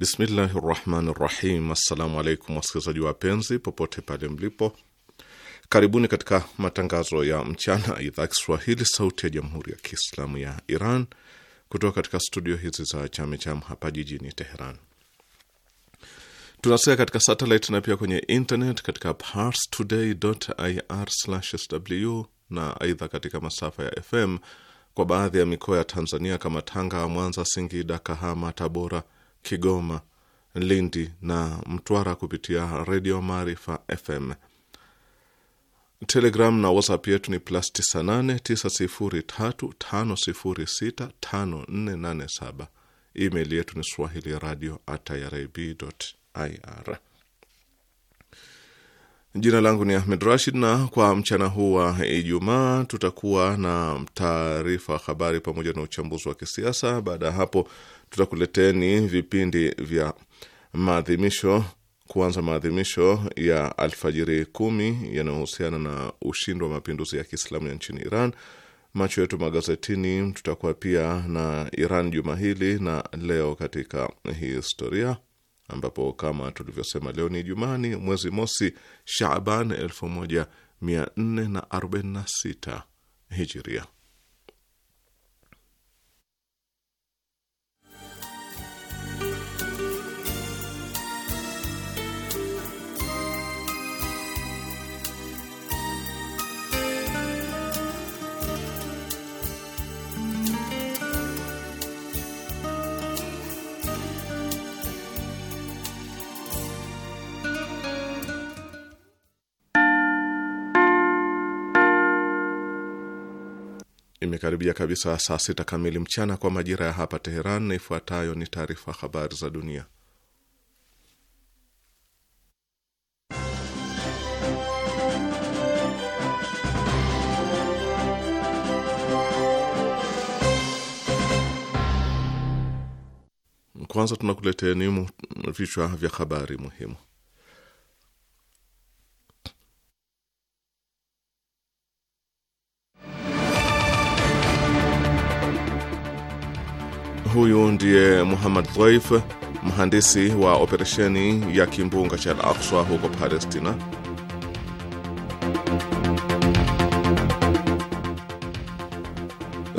Bismillahi rahmani rahim. Assalamu alaikum wasikilizaji wapenzi, popote pale mlipo, karibuni katika matangazo ya mchana, idhaa Kiswahili sauti ya jamhuri ya Kiislamu ya Iran kutoka katika studio hizi za chamecham hapa jijini Teheran. Tunasikia katika satelit na pia kwenye internet katika parstoday.ir/sw na aidha katika masafa ya FM kwa baadhi ya mikoa ya Tanzania kama Tanga, Mwanza, Singida, Kahama, Tabora Kigoma, Lindi na Mtwara kupitia Redio Maarifa FM. Telegram na WhatsApp yetu ni plus 989035065487. Email yetu ni swahili radio at irib.ir. Jina langu ni Ahmed Rashid, na kwa mchana huu wa Ijumaa tutakuwa na taarifa habari pamoja na uchambuzi wa kisiasa. Baada ya hapo tutakuleteni vipindi vya maadhimisho, kuanza maadhimisho ya alfajiri kumi yanayohusiana na ushindi wa mapinduzi ya Kiislamu ya nchini Iran, macho yetu magazetini, tutakuwa pia na Iran juma hili na leo katika historia ambapo kama tulivyosema leo ni Jumani, mwezi mosi Shaban 1446 hijiria. Imekaribia kabisa saa sita kamili mchana kwa majira ya hapa Teheran, na ifuatayo ni taarifa habari za dunia. Kwanza tunakuletea nimu vichwa vya habari muhimu. Huyu ndiye Muhammad Dhaif, mhandisi wa operesheni ya kimbunga cha Al-Aqsa huko Palestina.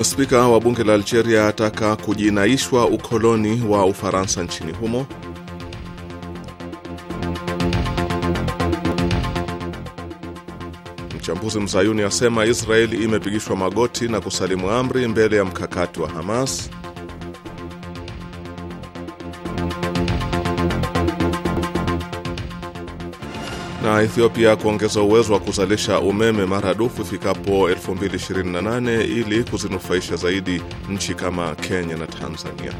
Spika wa bunge la Algeria ataka kujinaishwa ukoloni wa Ufaransa nchini humo. Mchambuzi mzayuni asema Israeli imepigishwa magoti na kusalimu amri mbele ya mkakati wa Hamas. na Ethiopia kuongeza uwezo wa kuzalisha umeme maradufu ifikapo 2028 ili kuzinufaisha zaidi nchi kama Kenya na Tanzania.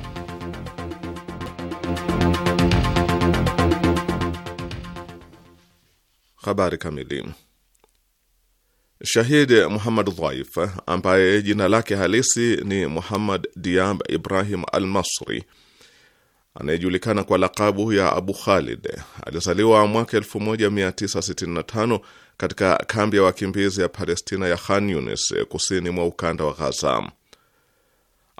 Habari kamili. Shahid Muhammad Dhaif ambaye jina lake halisi ni Muhammad Diab Ibrahim Al Masri anayejulikana kwa lakabu ya Abu Khalid alizaliwa mwaka 1965 katika kambi ya wakimbizi ya Palestina ya Khan Yunis kusini mwa ukanda wa Ghaza.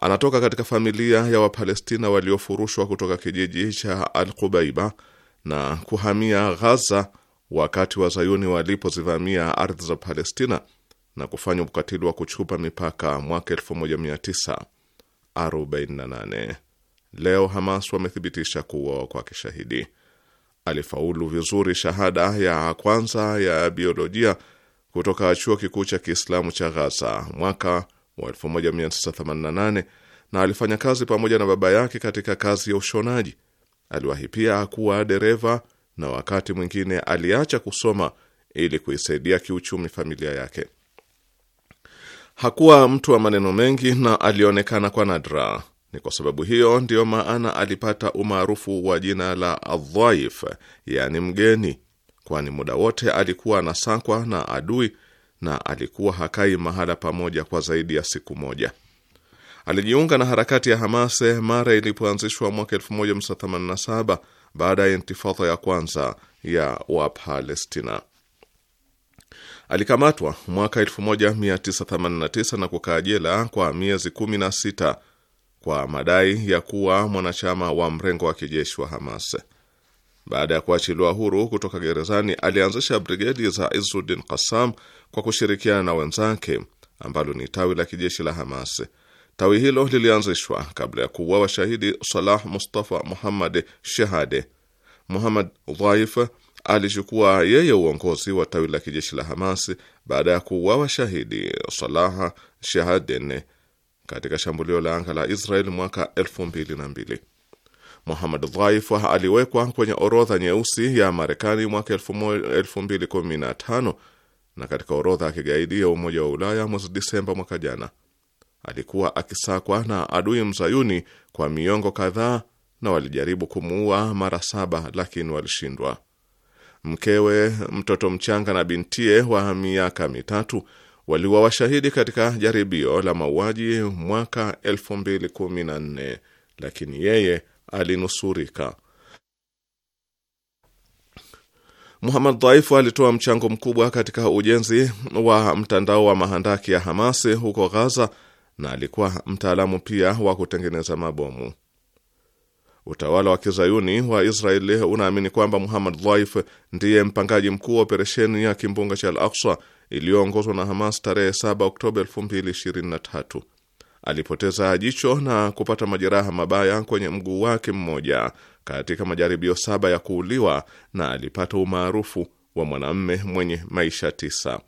Anatoka katika familia ya Wapalestina waliofurushwa kutoka kijiji cha Al Qubaiba na kuhamia Ghaza wakati wa Zayuni walipozivamia ardhi za Palestina na kufanya ukatili wa kuchupa mipaka mwaka 1948. Leo Hamas wamethibitisha kuuawa kwa kishahidi. Alifaulu vizuri shahada ya kwanza ya biolojia kutoka chuo kikuu cha Kiislamu cha Ghaza mwaka wa 1988 na alifanya kazi pamoja na baba yake katika kazi ya ushonaji. Aliwahi pia kuwa dereva na wakati mwingine aliacha kusoma ili kuisaidia kiuchumi familia yake. Hakuwa mtu wa maneno mengi na alionekana kwa nadra. Ni kwa sababu hiyo ndiyo maana alipata umaarufu wa jina la Adhaif, yaani mgeni, kwani muda wote alikuwa anasakwa na adui na alikuwa hakai mahala pamoja kwa zaidi ya siku moja. Alijiunga na harakati ya Hamas mara ilipoanzishwa mwaka 1987 baada ya intifadha ya kwanza ya Wapalestina. Alikamatwa mwaka 1989 na kukaa jela kwa miezi 16 kwa madai ya kuwa mwanachama wa mrengo wa kijeshi wa Hamas. Baada ya kuachiliwa huru kutoka gerezani, alianzisha brigedi za Izzuddin Qassam kwa kushirikiana na wenzake, ambalo ni tawi la kijeshi la Hamas. Tawi hilo lilianzishwa kabla ya kuuawa washahidi Salah Mustafa Muhammad Shehade. Muhammad Dhaif alichukua yeye uongozi wa tawi la kijeshi la Hamas baada ya kuwa washahidi Salah Shehaden katika shambulio la anga la Israel mwaka 2002. Muhammad Dhaif aliwekwa kwenye orodha nyeusi ya Marekani mwaka 2015 na katika orodha ya kigaidi ya Umoja wa Ulaya mwezi Disemba mwaka jana. Alikuwa akisakwa na adui mzayuni kwa miongo kadhaa na walijaribu kumuua mara saba lakini walishindwa. Mkewe, mtoto mchanga na bintie wa miaka mitatu waliwa washahidi katika jaribio la mauaji mwaka 2014 lakini yeye alinusurika. Muhammad Dhaifu alitoa mchango mkubwa katika ujenzi wa mtandao wa mahandaki ya Hamasi huko Ghaza na alikuwa mtaalamu pia wa kutengeneza mabomu. Utawala wa kizayuni wa Israeli unaamini kwamba Muhammad Dhaif ndiye mpangaji mkuu wa operesheni ya kimbunga cha Al-Aqsa iliyoongozwa na Hamas tarehe 7 Oktoba 2023. Alipoteza jicho na kupata majeraha mabaya kwenye mguu wake mmoja katika majaribio saba ya kuuliwa, na alipata umaarufu wa mwanamme mwenye maisha tisa.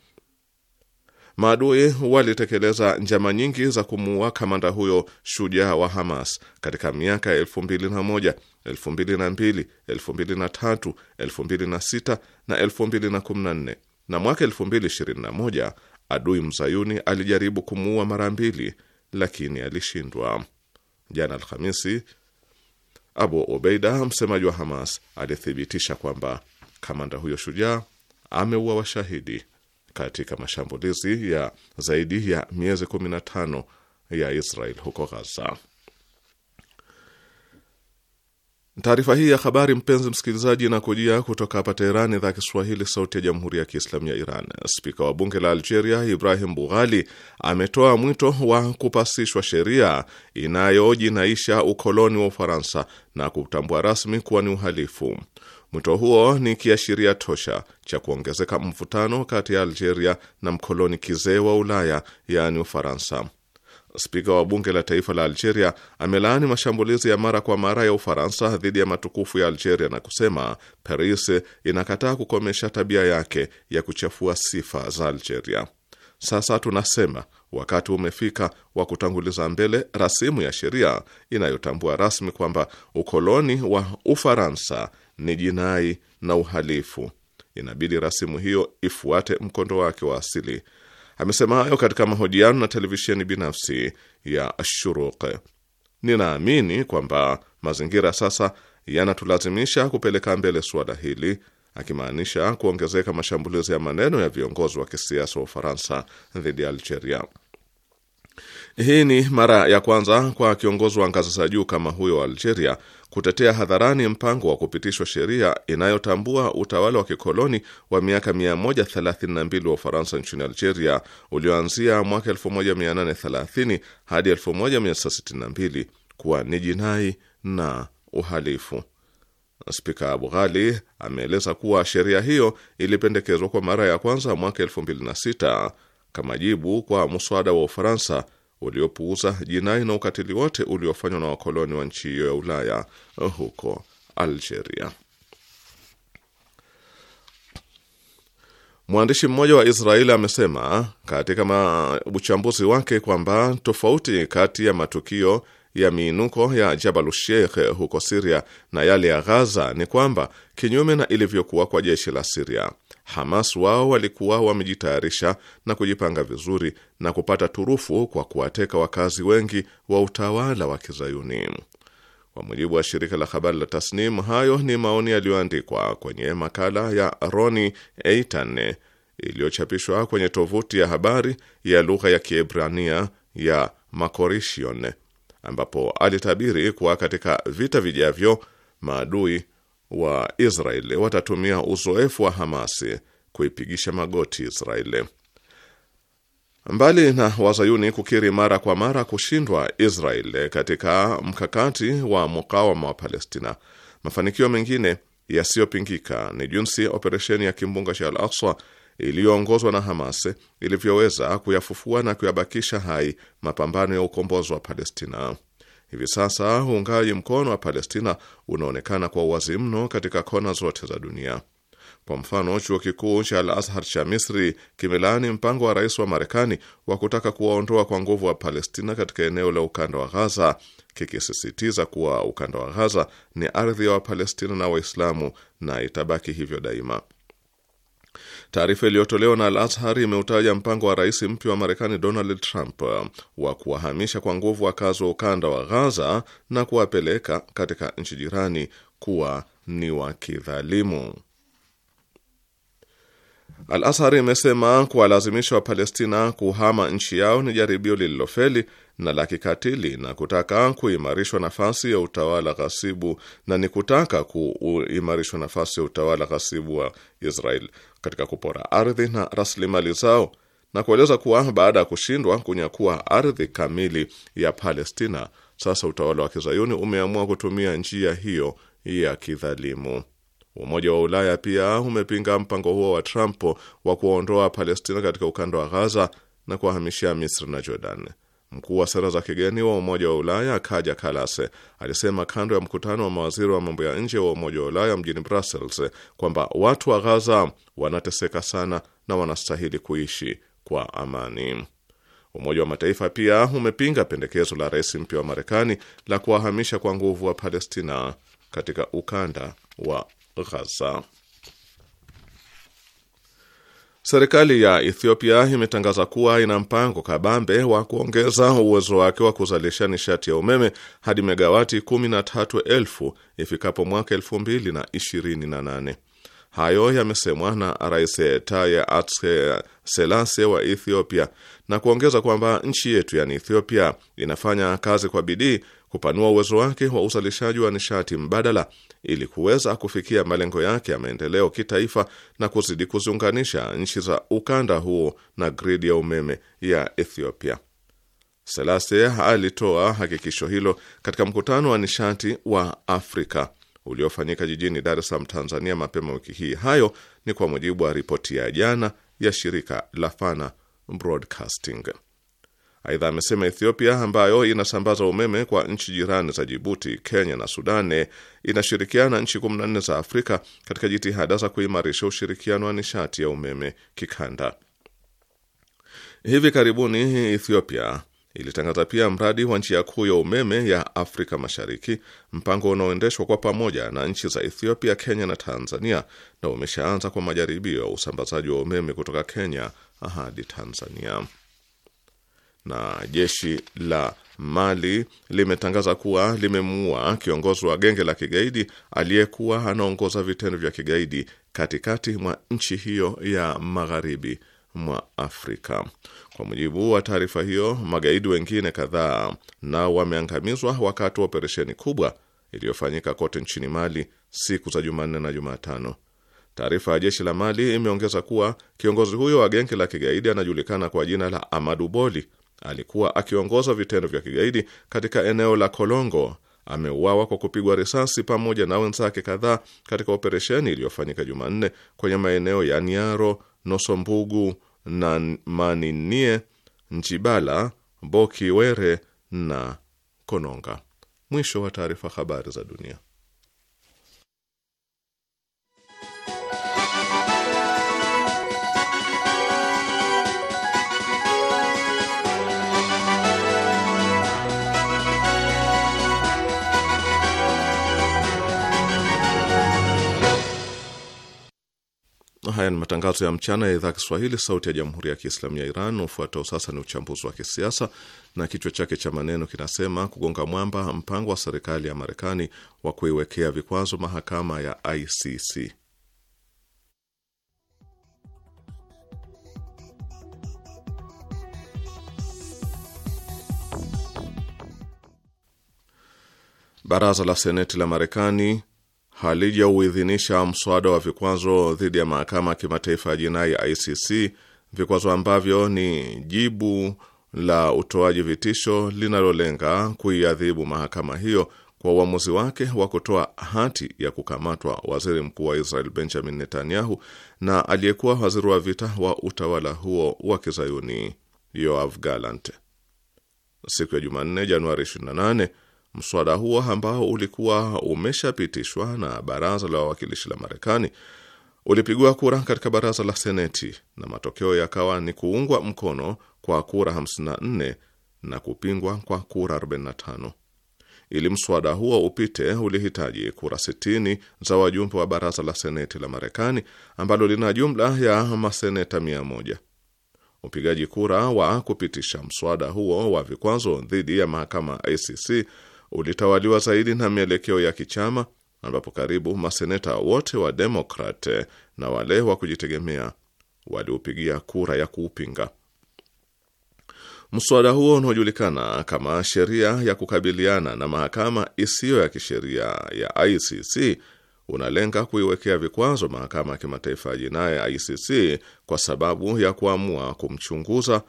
Maadui walitekeleza njama nyingi za kumuua kamanda huyo shujaa wa Hamas katika miaka ya na moja, elfu mbili na 2014 na mwaka 2021 adui mzayuni alijaribu kumuua mara mbili lakini alishindwa. Jana Alhamisi, Abu Obeida, msemaji wa Hamas, alithibitisha kwamba kamanda huyo shujaa ameua washahidi katika mashambulizi ya zaidi ya miezi 15 ya Israel huko Gaza. Taarifa hii ya habari, mpenzi msikilizaji, inakujia kutoka hapa Teherani, idhaa Kiswahili, sauti ya jamhuri ya kiislamu ya Iran. Spika wa bunge la Algeria Ibrahim Bughali ametoa mwito wa kupasishwa sheria inayojinaisha ukoloni wa Ufaransa na kutambua rasmi kuwa ni uhalifu. Mwito huo ni kiashiria tosha cha kuongezeka mvutano kati ya Algeria na mkoloni kizee wa Ulaya, yaani Ufaransa. Spika wa bunge la taifa la Algeria amelaani mashambulizi ya mara kwa mara ya Ufaransa dhidi ya matukufu ya Algeria na kusema Paris inakataa kukomesha tabia yake ya kuchafua sifa za Algeria. Sasa tunasema wakati umefika wa kutanguliza mbele rasimu ya sheria inayotambua rasmi kwamba ukoloni wa Ufaransa ni jinai na uhalifu. Inabidi rasimu hiyo ifuate mkondo wake wa asili. Amesema hayo katika mahojiano na televisheni binafsi ya Shuruq. Ninaamini kwamba mazingira sasa yanatulazimisha kupeleka mbele suala hili, akimaanisha kuongezeka mashambulizi ya maneno ya viongozi wa kisiasa wa Ufaransa dhidi ya Algeria. Hii ni mara ya kwanza kwa kiongozi wa ngazi za juu kama huyo wa Algeria kutetea hadharani mpango wa kupitishwa sheria inayotambua utawala wa kikoloni wa miaka 132 wa Ufaransa nchini Algeria ulioanzia mwaka 1830 hadi 1962 kuwa ni jinai na uhalifu. Spika Abu Ghali ameeleza kuwa sheria hiyo ilipendekezwa kwa mara ya kwanza mwaka 2006 kama jibu kwa muswada wa Ufaransa uliopuuza jinai na ukatili wote uliofanywa na wakoloni wa nchi hiyo ya Ulaya eh, huko Algeria. Mwandishi mmoja wa Israeli amesema katika uchambuzi wake kwamba tofauti kati ya matukio ya miinuko ya Jabalu Sheikh huko Siria na yale ya Ghaza ni kwamba kinyume na ilivyokuwa kwa jeshi la Siria, Hamas wao walikuwa wamejitayarisha na kujipanga vizuri na kupata turufu kwa kuwateka wakazi wengi wa utawala wa Kizayuni. Kwa mujibu wa shirika la habari la Tasnim, hayo ni maoni yaliyoandikwa kwenye makala ya Roni Eitan iliyochapishwa kwenye tovuti ya habari ya lugha ya Kiebrania ya Makorishion, ambapo alitabiri kuwa katika vita vijavyo maadui wa Israeli watatumia uzoefu wa Hamasi kuipigisha magoti Israeli. Mbali na wazayuni kukiri mara kwa mara kushindwa Israeli katika mkakati wa mukawama wa Palestina, mafanikio mengine yasiyopingika ni jinsi operesheni ya kimbunga cha Al-Aqsa iliyoongozwa na Hamas ilivyoweza kuyafufua na kuyabakisha hai mapambano ya ukombozi wa Palestina. Hivi sasa uungaji mkono wa Palestina unaonekana kwa uwazi mno katika kona zote za dunia. Kwa mfano, chuo kikuu cha Al Azhar cha Misri kimelaani mpango wa rais wa Marekani wa kutaka kuwaondoa kwa nguvu wa Palestina katika eneo la ukanda wa Ghaza, kikisisitiza kuwa ukanda wa Ghaza ni ardhi ya Wapalestina na Waislamu na itabaki hivyo daima. Taarifa iliyotolewa na Al Azhar imeutaja mpango wa rais mpya wa Marekani Donald Trump wa kuwahamisha kwa nguvu wakazi wa ukanda wa Ghaza na kuwapeleka katika nchi jirani kuwa ni wakidhalimu Al Azhar imesema kuwalazimisha Wapalestina kuhama nchi yao ni jaribio lililofeli na la kikatili na kutaka kuimarishwa nafasi ya utawala ghasibu na ni kutaka kuimarishwa nafasi ya utawala ghasibu wa Israel katika kupora ardhi na rasilimali zao na kueleza kuwa baada ya kushindwa kunyakua ardhi kamili ya Palestina, sasa utawala wa kizayuni umeamua kutumia njia hiyo ya kidhalimu. Umoja wa Ulaya pia umepinga mpango huo wa Trump wa kuondoa Palestina katika ukanda wa Ghaza na kuwahamishia Misri na Jordan. Mkuu wa sera za kigeni wa Umoja wa Ulaya Kaja Kalas alisema kando ya mkutano wa mawaziri wa mambo ya nje wa Umoja wa Ulaya mjini Brussels kwamba watu wa Ghaza wanateseka sana na wanastahili kuishi kwa amani. Umoja wa Mataifa pia umepinga pendekezo la rais mpya wa Marekani la kuwahamisha kwa nguvu wa Palestina katika ukanda wa Ghaza. Serikali ya Ethiopia imetangaza kuwa ina mpango kabambe wa kuongeza uwezo wake wa kuzalisha nishati ya umeme hadi megawati 13,000 ifikapo mwaka 2028. Hayo yamesemwa na Rais Taye Atse Selase wa Ethiopia na kuongeza kwamba nchi yetu yani Ethiopia inafanya kazi kwa bidii kupanua uwezo wake wa uzalishaji wa nishati mbadala ili kuweza kufikia malengo yake ya maendeleo kitaifa na kuzidi kuziunganisha nchi za ukanda huo na gridi ya umeme ya Ethiopia. Selassie alitoa hakikisho hilo katika mkutano wa nishati wa Afrika uliofanyika jijini Dar es Salaam, Tanzania, mapema wiki hii. Hayo ni kwa mujibu wa ripoti ya jana ya shirika la Fana Broadcasting. Aidha amesema Ethiopia ambayo inasambaza umeme kwa nchi jirani za Jibuti, Kenya na Sudani inashirikiana nchi 14 za Afrika katika jitihada za kuimarisha ushirikiano wa nishati ya umeme kikanda. Hivi karibuni Ethiopia ilitangaza pia mradi wa njia kuu ya umeme ya Afrika Mashariki, mpango unaoendeshwa kwa pamoja na nchi za Ethiopia, Kenya na Tanzania, na umeshaanza kwa majaribio ya usambazaji wa umeme kutoka Kenya hadi Tanzania na jeshi la Mali limetangaza kuwa limemuua kiongozi wa genge la kigaidi aliyekuwa anaongoza vitendo vya kigaidi katikati mwa nchi hiyo ya magharibi mwa Afrika. Kwa mujibu wa taarifa hiyo, magaidi wengine kadhaa nao wameangamizwa wakati wa operesheni kubwa iliyofanyika kote nchini Mali siku za Jumanne na Jumatano. Taarifa ya jeshi la Mali imeongeza kuwa kiongozi huyo wa genge la kigaidi anajulikana kwa jina la Amadu Boli alikuwa akiongoza vitendo vya kigaidi katika eneo la Kolongo ameuawa kwa kupigwa risasi pamoja na wenzake kadhaa katika operesheni iliyofanyika Jumanne kwenye maeneo ya Niaro, Nosombugu na Maninie, Njibala, Bokiwere na Kononga. Mwisho wa taarifa. Habari za dunia. haya ni matangazo ya mchana ya idhaa Kiswahili, sauti ya jamhuri ya kiislamu ya Iran. Ufuatao sasa ni uchambuzi wa kisiasa na kichwa chake cha maneno kinasema: kugonga mwamba mpango wa serikali ya Marekani wa kuiwekea vikwazo mahakama ya ICC. Baraza la Seneti la Marekani halijauidhinisha mswada wa vikwazo dhidi ya mahakama ya kimataifa ya jinai ya ICC, vikwazo ambavyo ni jibu la utoaji vitisho linalolenga kuiadhibu mahakama hiyo kwa uamuzi wake wa kutoa hati ya kukamatwa waziri mkuu wa Israel Benjamin Netanyahu na aliyekuwa waziri wa vita wa utawala huo wa kizayuni Yoav Gallant siku ya Jumanne, Januari 28 Mswada huo ambao ulikuwa umeshapitishwa na baraza la wawakilishi la Marekani ulipigwa kura katika baraza la Seneti na matokeo yakawa ni kuungwa mkono kwa kura 54 na kupingwa kwa kura 45. Ili mswada huo upite, ulihitaji kura 60 za wajumbe wa baraza la Seneti la Marekani ambalo lina jumla ya maseneta 100. Upigaji kura wa kupitisha mswada huo wa vikwazo dhidi ya mahakama ICC ulitawaliwa zaidi na mielekeo ya kichama, ambapo karibu maseneta wote wa Demokrat na wale wa kujitegemea waliupigia kura ya kuupinga. Mswada huo unaojulikana kama sheria ya kukabiliana na mahakama isiyo ya kisheria ya ICC unalenga kuiwekea vikwazo mahakama ya kimataifa ya jinai ICC kwa sababu ya kuamua kumchunguza,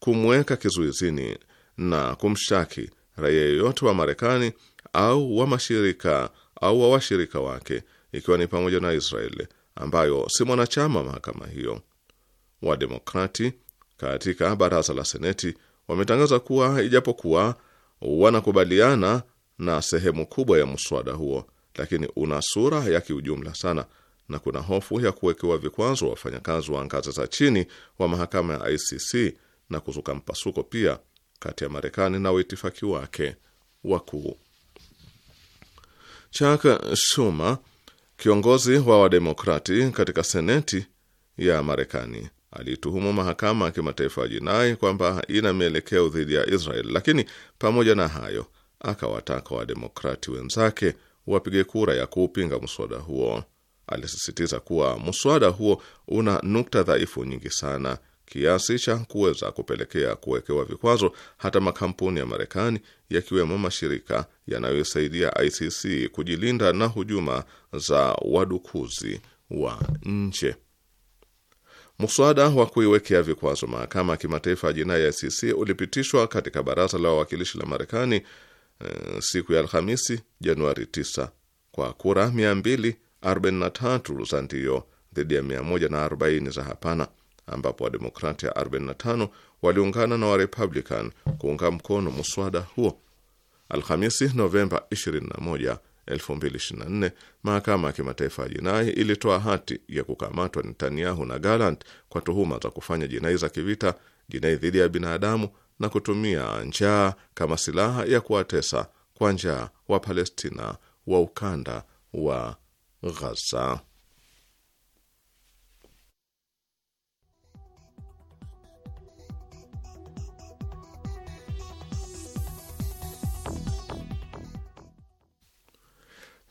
kumweka kizuizini na kumshtaki raia yoyote wa Marekani au wa mashirika au wa washirika wake, ikiwa ni pamoja na Israeli ambayo si mwanachama mahakama hiyo. Wademokrati katika baraza la Seneti wametangaza kuwa ijapokuwa wanakubaliana na sehemu kubwa ya mswada huo, lakini una sura ya kiujumla sana na kuna hofu ya kuwekewa vikwazo wafanyakazi wa ngazi za chini wa mahakama ya ICC na kuzuka mpasuko pia kati ya Marekani na waitifaki wake wakuu. Chuck Schumer, kiongozi wa Wademokrati katika Seneti ya Marekani, aliituhumu mahakama ya kimataifa ya jinai kwamba ina mielekeo dhidi ya Israel, lakini pamoja na hayo akawataka Wademokrati wenzake wapige kura ya kuupinga mswada huo. Alisisitiza kuwa mswada huo una nukta dhaifu nyingi sana kiasi cha kuweza kupelekea kuwekewa vikwazo hata makampuni ya Marekani yakiwemo mashirika yanayosaidia ICC kujilinda na hujuma za wadukuzi wa nje. mswada wa kuiwekea vikwazo mahakama ya kimataifa ya jinai ya ICC ulipitishwa katika baraza la wawakilishi la Marekani e, siku ya Alhamisi Januari 9 kwa kura 243 za ndio dhidi ya 140 za hapana ambapo Wademokrati 45 waliungana na Warepublican kuunga mkono muswada huo. Alhamisi Novemba 21, 2024, mahakama ya kimataifa ya jinai ilitoa hati ya kukamatwa Netanyahu na Gallant kwa tuhuma za kufanya jinai za kivita, jinai dhidi ya binadamu na kutumia njaa kama silaha ya kuwatesa kwa njaa wa Palestina wa ukanda wa Gaza.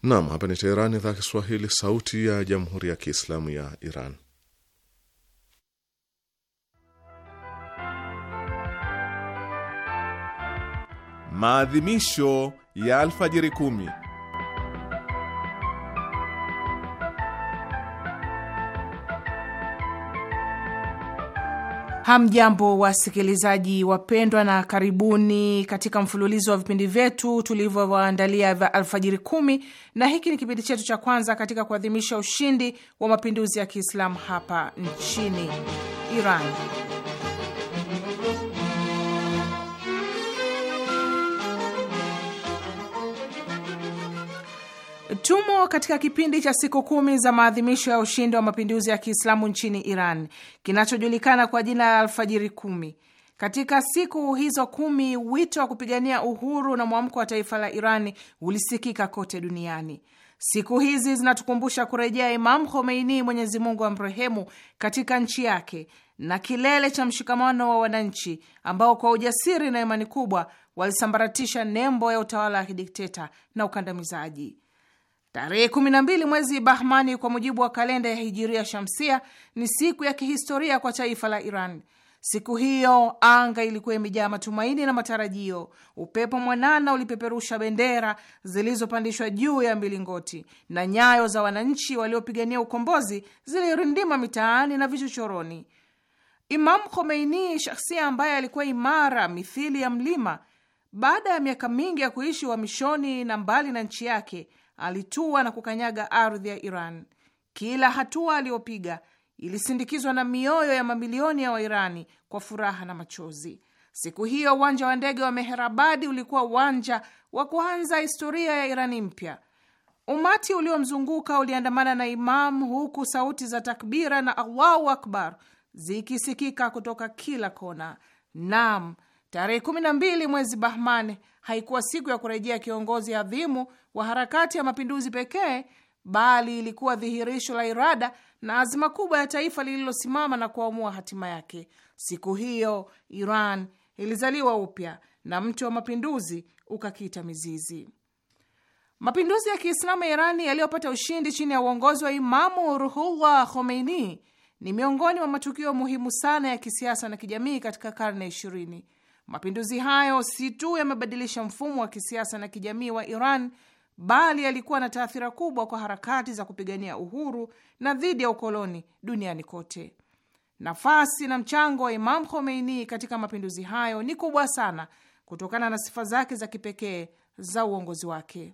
Naam, hapa ni Teherani, idhaa Kiswahili, sauti ya jamhuri ya kiislamu ya Iran. Maadhimisho ya alfajiri kumi. Hamjambo, wasikilizaji wapendwa, na karibuni katika mfululizo wa vipindi vyetu tulivyowaandalia vya Alfajiri Kumi, na hiki ni kipindi chetu cha kwanza katika kuadhimisha ushindi wa mapinduzi ya Kiislamu hapa nchini Iran. Tumo katika kipindi cha siku kumi za maadhimisho ya ushindi wa mapinduzi ya Kiislamu nchini Iran kinachojulikana kwa jina la Alfajiri Kumi. Katika siku hizo kumi, wito wa kupigania uhuru na mwamko wa taifa la Iran ulisikika kote duniani. Siku hizi zinatukumbusha kurejea Imam Khomeini, Mwenyezi Mungu amrehemu, katika nchi yake na kilele cha mshikamano wa wananchi ambao kwa ujasiri na imani kubwa walisambaratisha nembo ya utawala wa kidikteta na ukandamizaji. Tarehe 12 mwezi Bahmani kwa mujibu wa kalenda ya Hijiria Shamsia ni siku ya kihistoria kwa taifa la Iran. Siku hiyo anga ilikuwa imejaa matumaini na matarajio. Upepo mwanana ulipeperusha bendera zilizopandishwa juu ya milingoti na nyayo za wananchi waliopigania ukombozi zilirindima mitaani na vichochoroni. Imam Khomeini, shahsia ambaye alikuwa imara mithili ya mlima, baada ya miaka mingi ya kuishi uhamishoni na mbali na nchi yake alitua na kukanyaga ardhi ya Iran. Kila hatua aliyopiga ilisindikizwa na mioyo ya mamilioni ya Wairani kwa furaha na machozi. Siku hiyo uwanja wa ndege wa Meherabadi ulikuwa uwanja wa kuanza historia ya Irani mpya. Umati uliomzunguka uliandamana na imam huku sauti za takbira na Allahu akbar zikisikika kutoka kila kona. Naam, tarehe mbili mwezi Bahman haikuwa siku ya kurejea kiongozi adhimu wa harakati ya mapinduzi pekee, bali ilikuwa dhihirisho la irada na azima kubwa ya taifa lililosimama na kuamua hatima yake. Siku hiyo Iran ilizaliwa upya na mti wa mapinduzi ukakita mizizi. Mapinduzi ya Kiislamu ya Irani yaliyopata ushindi chini ya uongozi wa Imamu Ruhullah Khomeini ni miongoni mwa matukio muhimu sana ya kisiasa na kijamii katika karne ya ishirini. Mapinduzi hayo si tu yamebadilisha mfumo wa kisiasa na kijamii wa Iran bali yalikuwa na taathira kubwa kwa harakati za kupigania uhuru na dhidi ya ukoloni duniani kote. Nafasi na mchango wa Imam Khomeini katika mapinduzi hayo ni kubwa sana kutokana na sifa zake za kipekee za uongozi wake.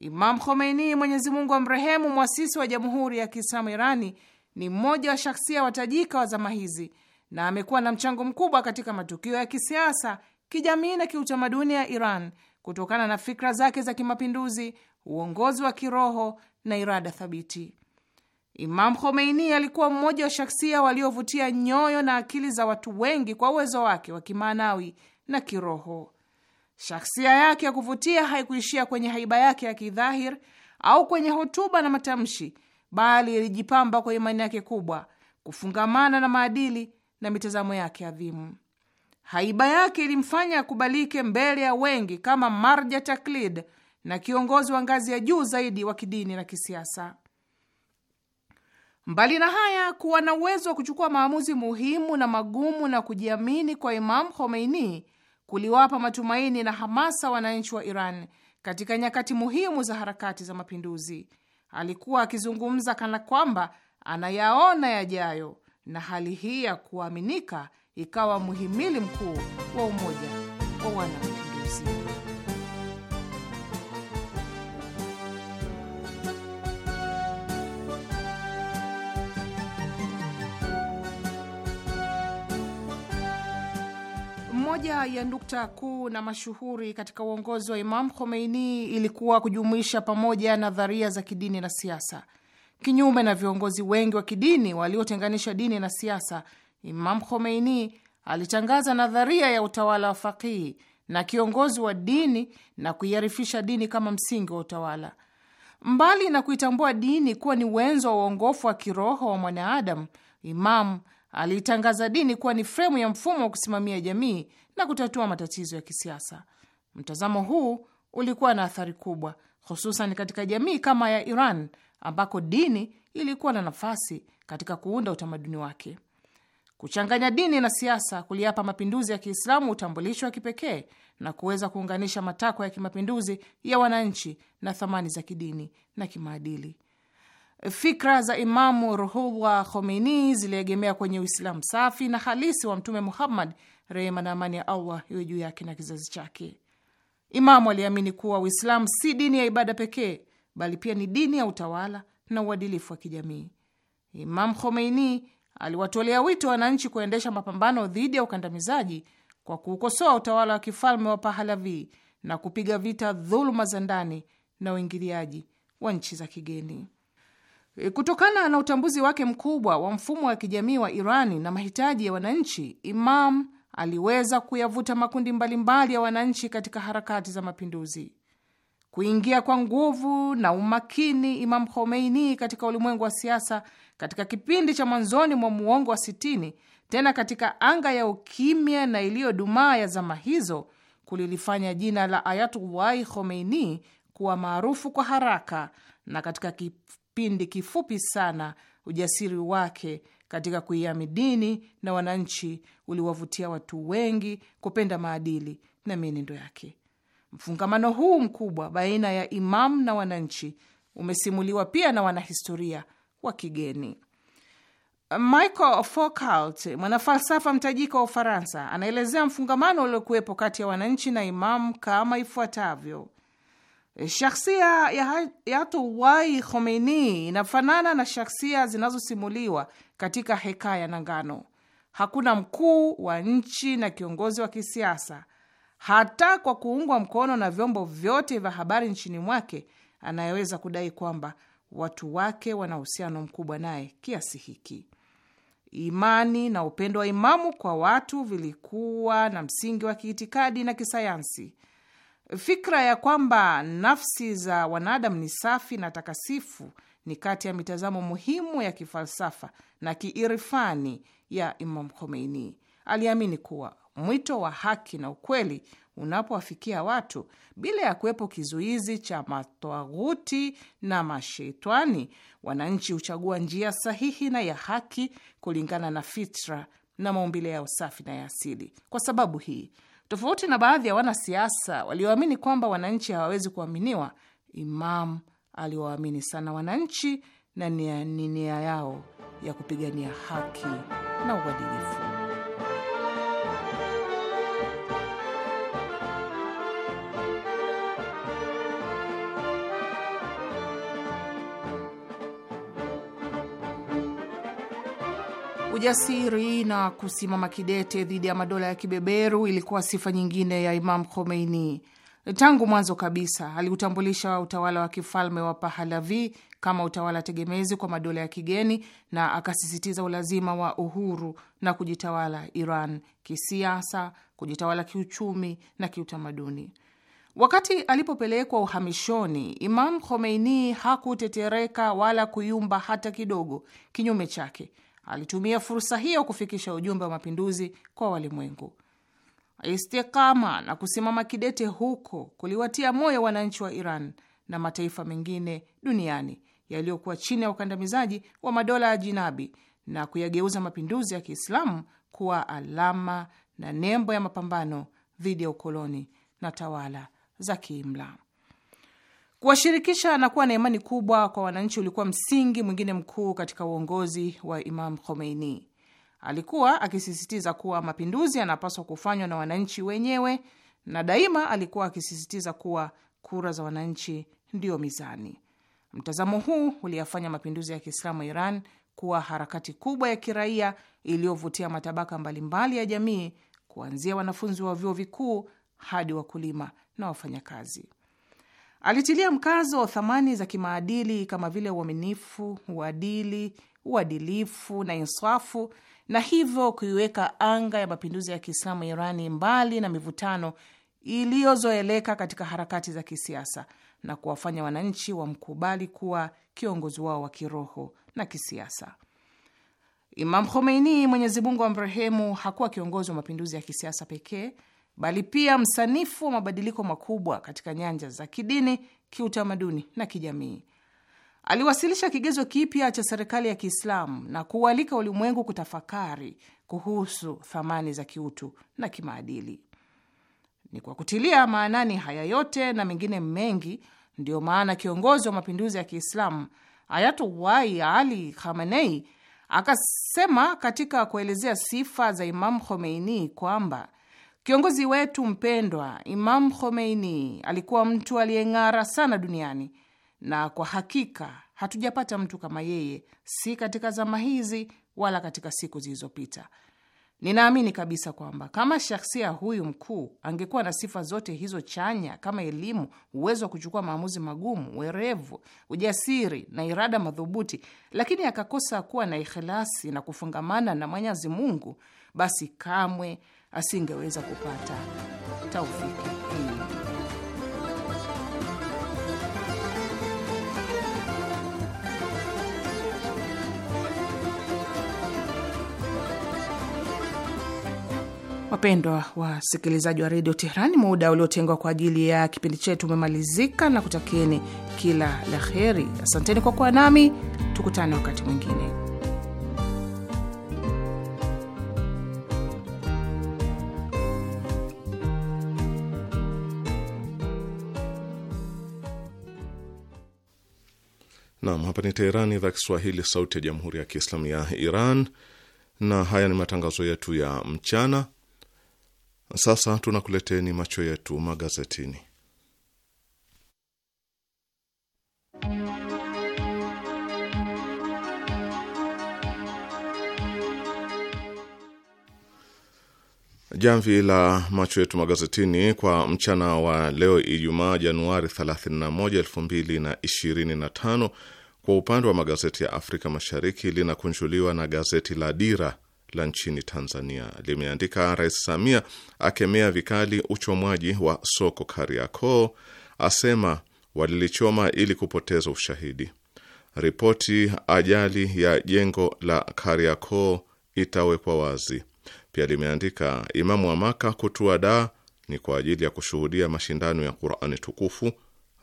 Imam Khomeini, Mwenyezi Mungu amrehemu, mwasisi wa Jamhuri ya Kiislamu Irani, ni mmoja wa shaksia watajika wa zama hizi na amekuwa na mchango mkubwa katika matukio ya kisiasa, kijamii na kiutamaduni ya Iran kutokana na fikra zake za kimapinduzi, uongozi wa kiroho na irada thabiti. Imam Khomeini alikuwa mmoja wa shaksia waliovutia nyoyo na akili za watu wengi kwa uwezo wake wa kimaanawi na kiroho. Shaksia yake ya kuvutia haikuishia kwenye haiba yake ya kidhahir au kwenye hotuba na matamshi, bali ilijipamba kwa imani yake kubwa, kufungamana na maadili na mitazamo yake adhimu. Haiba yake ilimfanya akubalike mbele ya wengi kama marja taklid na kiongozi wa ngazi ya juu zaidi wa kidini na kisiasa. Mbali na haya, kuwa na uwezo wa kuchukua maamuzi muhimu na magumu na kujiamini kwa Imam Khomeini kuliwapa matumaini na hamasa wananchi wa Iran katika nyakati muhimu za harakati za mapinduzi. Alikuwa akizungumza kana kwamba anayaona yajayo, na hali hii ya kuaminika ikawa mhimili mkuu wa umoja wa wanamapinduzi. Moja ya nukta kuu na mashuhuri katika uongozi wa Imam Khomeini ilikuwa kujumuisha pamoja nadharia za kidini na siasa. Kinyume na viongozi wengi wa kidini waliotenganisha dini na siasa, Imam Khomeini alitangaza nadharia ya utawala wa fakihi na kiongozi wa dini na kuiarifisha dini kama msingi wa utawala. Mbali na kuitambua dini kuwa ni wenzo wa uongofu wa kiroho wa mwanadamu, Imam aliitangaza dini kuwa ni fremu ya mfumo wa kusimamia jamii na kutatua matatizo ya kisiasa. Mtazamo huu ulikuwa na athari kubwa, hususan katika jamii kama ya Iran ambako dini ilikuwa na nafasi katika kuunda utamaduni wake kuchanganya dini na siasa kuliapa mapinduzi ya Kiislamu utambulisho wa kipekee na kuweza kuunganisha matakwa ya kimapinduzi ya wananchi na thamani za kidini na kimaadili. Fikra za Imamu Ruhullah Khomeini ziliegemea kwenye Uislamu safi na halisi wa Mtume Muhammad, rehema na amani ya Allah iwe juu yake na kizazi chake. Imamu aliamini kuwa Uislamu si dini ya ibada pekee, bali pia ni dini ya utawala na uadilifu wa kijamii. Imam Khomeini aliwatolea wito wananchi kuendesha mapambano dhidi ya ukandamizaji kwa kuukosoa utawala wa kifalme wa Pahalavi na kupiga vita dhuluma za ndani na uingiliaji wa nchi za kigeni. E, kutokana na utambuzi wake mkubwa wa mfumo wa kijamii wa Irani na mahitaji ya wananchi, Imam aliweza kuyavuta makundi mbalimbali ya wananchi katika harakati za mapinduzi. Kuingia kwa nguvu na umakini Imam Khomeini katika ulimwengu wa siasa katika kipindi cha mwanzoni mwa muongo wa sitini, tena katika anga ya ukimya na iliyodumaa ya zama hizo kulilifanya jina la Ayatullahi Khomeini kuwa maarufu kwa haraka na katika kipindi kifupi sana. Ujasiri wake katika kuiami dini na wananchi uliwavutia watu wengi kupenda maadili na mienendo yake. Mfungamano huu mkubwa baina ya imam na wananchi umesimuliwa pia na wanahistoria wa kigeni. Michael Foucault, mwanafalsafa mtajika wa Ufaransa, anaelezea mfungamano uliokuwepo kati ya wananchi na imam kama ifuatavyo: shakhsia ya Ayatollah Khomeini inafanana na shakhsia zinazosimuliwa katika hekaya na ngano. Hakuna mkuu wa nchi na kiongozi wa kisiasa hata kwa kuungwa mkono na vyombo vyote vya habari nchini mwake, anayeweza kudai kwamba watu wake wana uhusiano mkubwa naye kiasi hiki. Imani na upendo wa Imamu kwa watu vilikuwa na msingi wa kiitikadi na kisayansi. Fikra ya kwamba nafsi za wanadamu ni safi na takasifu ni kati ya mitazamo muhimu ya kifalsafa na kiirifani ya Imam Khomeini. Aliamini kuwa mwito wa haki na ukweli unapowafikia watu bila ya kuwepo kizuizi cha matwaguti na masheitani, wananchi huchagua njia sahihi na ya haki kulingana na fitra na maumbile yao safi na ya asili. Kwa sababu hii, tofauti na baadhi ya wanasiasa walioamini kwamba wananchi hawawezi kuaminiwa, Imam aliwaamini sana wananchi na ni nia yao ya kupigania haki na uadilifu. Ujasiri na kusimama kidete dhidi ya madola ya kibeberu ilikuwa sifa nyingine ya Imam Khomeini. Tangu mwanzo kabisa aliutambulisha utawala wa kifalme wa Pahalavi kama utawala tegemezi kwa madola ya kigeni na akasisitiza ulazima wa uhuru na kujitawala Iran kisiasa, kujitawala kiuchumi na kiutamaduni. Wakati alipopelekwa uhamishoni, Imam Khomeini hakutetereka wala kuyumba hata kidogo. Kinyume chake, alitumia fursa hiyo kufikisha ujumbe wa mapinduzi kwa walimwengu. Istikama na kusimama kidete huko kuliwatia moyo wananchi wa Iran na mataifa mengine duniani yaliyokuwa chini ya ukandamizaji wa madola ya jinabi na kuyageuza mapinduzi ya Kiislamu kuwa alama na nembo ya mapambano dhidi ya ukoloni na tawala za kiimla. Kuwashirikisha na kuwa na imani kubwa kwa wananchi ulikuwa msingi mwingine mkuu katika uongozi wa Imam Khomeini. Alikuwa akisisitiza kuwa mapinduzi yanapaswa kufanywa na wananchi wenyewe, na daima alikuwa akisisitiza kuwa kura za wananchi ndiyo mizani. Mtazamo huu uliyafanya mapinduzi ya Kiislamu Iran kuwa harakati kubwa ya kiraia iliyovutia matabaka mbalimbali ya jamii, kuanzia wanafunzi wa vyuo vikuu hadi wakulima na wafanyakazi. Alitilia mkazo wa thamani za kimaadili kama vile uaminifu, uadili, uadilifu na inswafu, na hivyo kuiweka anga ya mapinduzi ya Kiislamu Irani mbali na mivutano iliyozoeleka katika harakati za kisiasa na kuwafanya wananchi wamkubali kuwa kiongozi wao wa kiroho na kisiasa. Imam Khomeini, Mwenyezi Mungu amrehemu, hakuwa kiongozi wa mapinduzi ya kisiasa pekee bali pia msanifu wa mabadiliko makubwa katika nyanja za kidini, kiutamaduni na kijamii. Aliwasilisha kigezo kipya cha serikali ya Kiislamu na kuualika ulimwengu kutafakari kuhusu thamani za kiutu na kimaadili. Ni kwa kutilia maanani haya yote na mengine mengi, ndiyo maana kiongozi wa mapinduzi ya Kiislamu Ayatullahi Ali Khamenei akasema katika kuelezea sifa za Imam Khomeini kwamba Kiongozi wetu mpendwa Imam Khomeini alikuwa mtu aliyeng'ara sana duniani, na kwa hakika hatujapata mtu kama yeye, si katika zama hizi wala katika siku zilizopita. Ninaamini kabisa kwamba kama shahsia huyu mkuu angekuwa na sifa zote hizo chanya kama elimu, uwezo wa kuchukua maamuzi magumu, werevu, ujasiri na irada madhubuti, lakini akakosa kuwa na ikhilasi na kufungamana na Mwenyezi Mungu, basi kamwe asingeweza kupata taufiki hii. Wapendwa wasikilizaji wa redio Teherani, muda uliotengwa kwa ajili ya kipindi chetu umemalizika na kutakieni kila la heri. Asanteni kwa kuwa nami, tukutane wakati mwingine. Naam, hapa ni Teherani, idhaa Kiswahili, sauti ya jamhuri ya kiislamu ya Iran, na haya ni matangazo yetu ya mchana. Sasa tunakuleteni macho yetu magazetini. Jamvi la macho yetu magazetini kwa mchana wa leo Ijumaa Januari 31, 2025 kwa upande wa magazeti ya Afrika Mashariki, linakunjuliwa na gazeti la Dira la nchini Tanzania. Limeandika Rais Samia akemea vikali uchomwaji wa soko Kariakoo, asema walilichoma ili kupoteza ushahidi. Ripoti ajali ya jengo la Kariakoo itawekwa wazi. Pia limeandika Imamu wa Maka kutua daa ni kwa ajili ya kushuhudia mashindano ya Qurani tukufu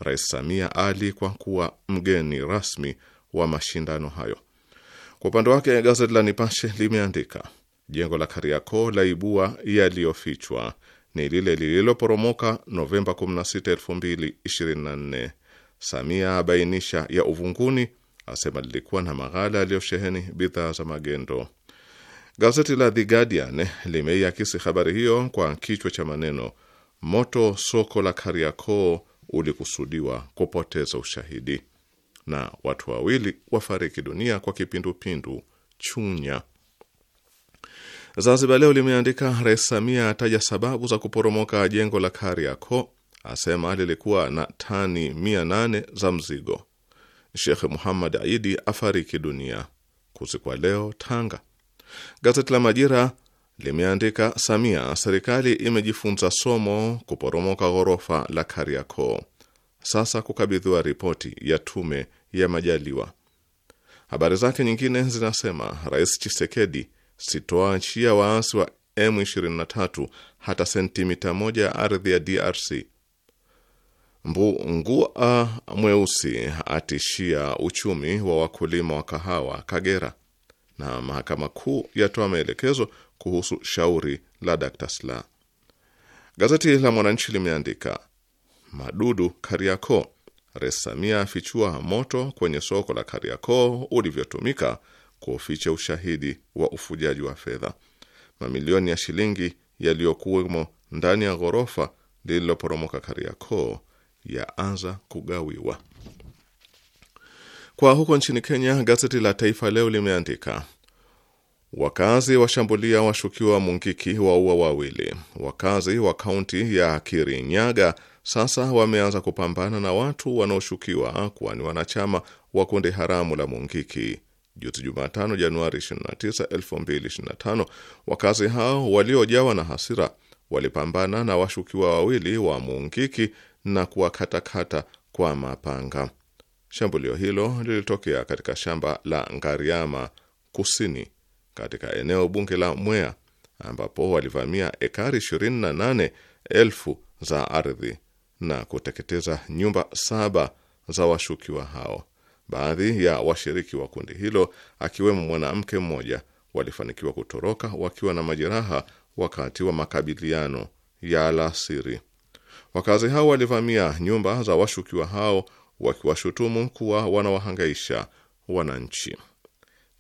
Rais Samia Ali kwa kuwa mgeni rasmi wa mashindano hayo. Kwa upande wake, gazeti la Nipashe limeandika jengo la Kariakoo laibua yaliyofichwa, ni lile lililoporomoka Novemba 16, 2024. Samia abainisha ya uvunguni, asema lilikuwa na maghala yaliyosheheni bidhaa za magendo. Gazeti la The Guardian eh, limeiakisi habari hiyo kwa kichwa cha maneno, moto soko la Kariakoo ulikusudiwa kupoteza ushahidi, na watu wawili wafariki dunia kwa kipindupindu Chunya. Zanzibar Leo limeandika Rais Samia ataja sababu za kuporomoka jengo la Kariakoo, asema lilikuwa na tani mia nane za mzigo. Shekh Muhammad Aidi afariki dunia. Kuzikwa leo Tanga. Gazeti la Majira limeandika Samia, serikali imejifunza somo kuporomoka ghorofa la Kariakoo, sasa kukabidhiwa ripoti ya tume ya Majaliwa. Habari zake nyingine zinasema Rais Chisekedi, sitoachia waasi wa M23 hata sentimita moja ya ardhi ya DRC. Mbungua mweusi atishia uchumi wa wakulima wa kahawa Kagera, na mahakama kuu yatoa maelekezo kuhusu shauri la Dr. Slaa. Gazeti la Mwananchi limeandika madudu Kariakoo, Rais Samia afichua moto kwenye soko la Kariakoo ulivyotumika kuficha ushahidi wa ufujaji wa fedha. Mamilioni ya shilingi yaliyokuwemo ndani ya ghorofa lililoporomoka Kariakoo yaanza kugawiwa. Kwa huko nchini Kenya, gazeti la Taifa Leo limeandika Wakazi washambulia washukiwa Mungiki waua wawili. Wakazi wa kaunti ya Kirinyaga sasa wameanza kupambana na watu wanaoshukiwa kuwa ni wanachama wa kundi haramu la Mungiki. Juzi Jumatano, Januari 29, 2025, wakazi hao waliojawa na hasira walipambana na washukiwa wawili wa Mungiki na kuwakatakata kwa mapanga. Shambulio hilo lilitokea katika shamba la Ngariama kusini katika eneo bunge la Mwea ambapo walivamia ekari 28 elfu za ardhi na kuteketeza nyumba saba za washukiwa hao. Baadhi ya washiriki wa kundi hilo akiwemo mwanamke mmoja walifanikiwa kutoroka wakiwa na majeraha wakati wa makabiliano ya alasiri. Wakazi hao walivamia nyumba za washukiwa hao wakiwashutumu kuwa wanawahangaisha wananchi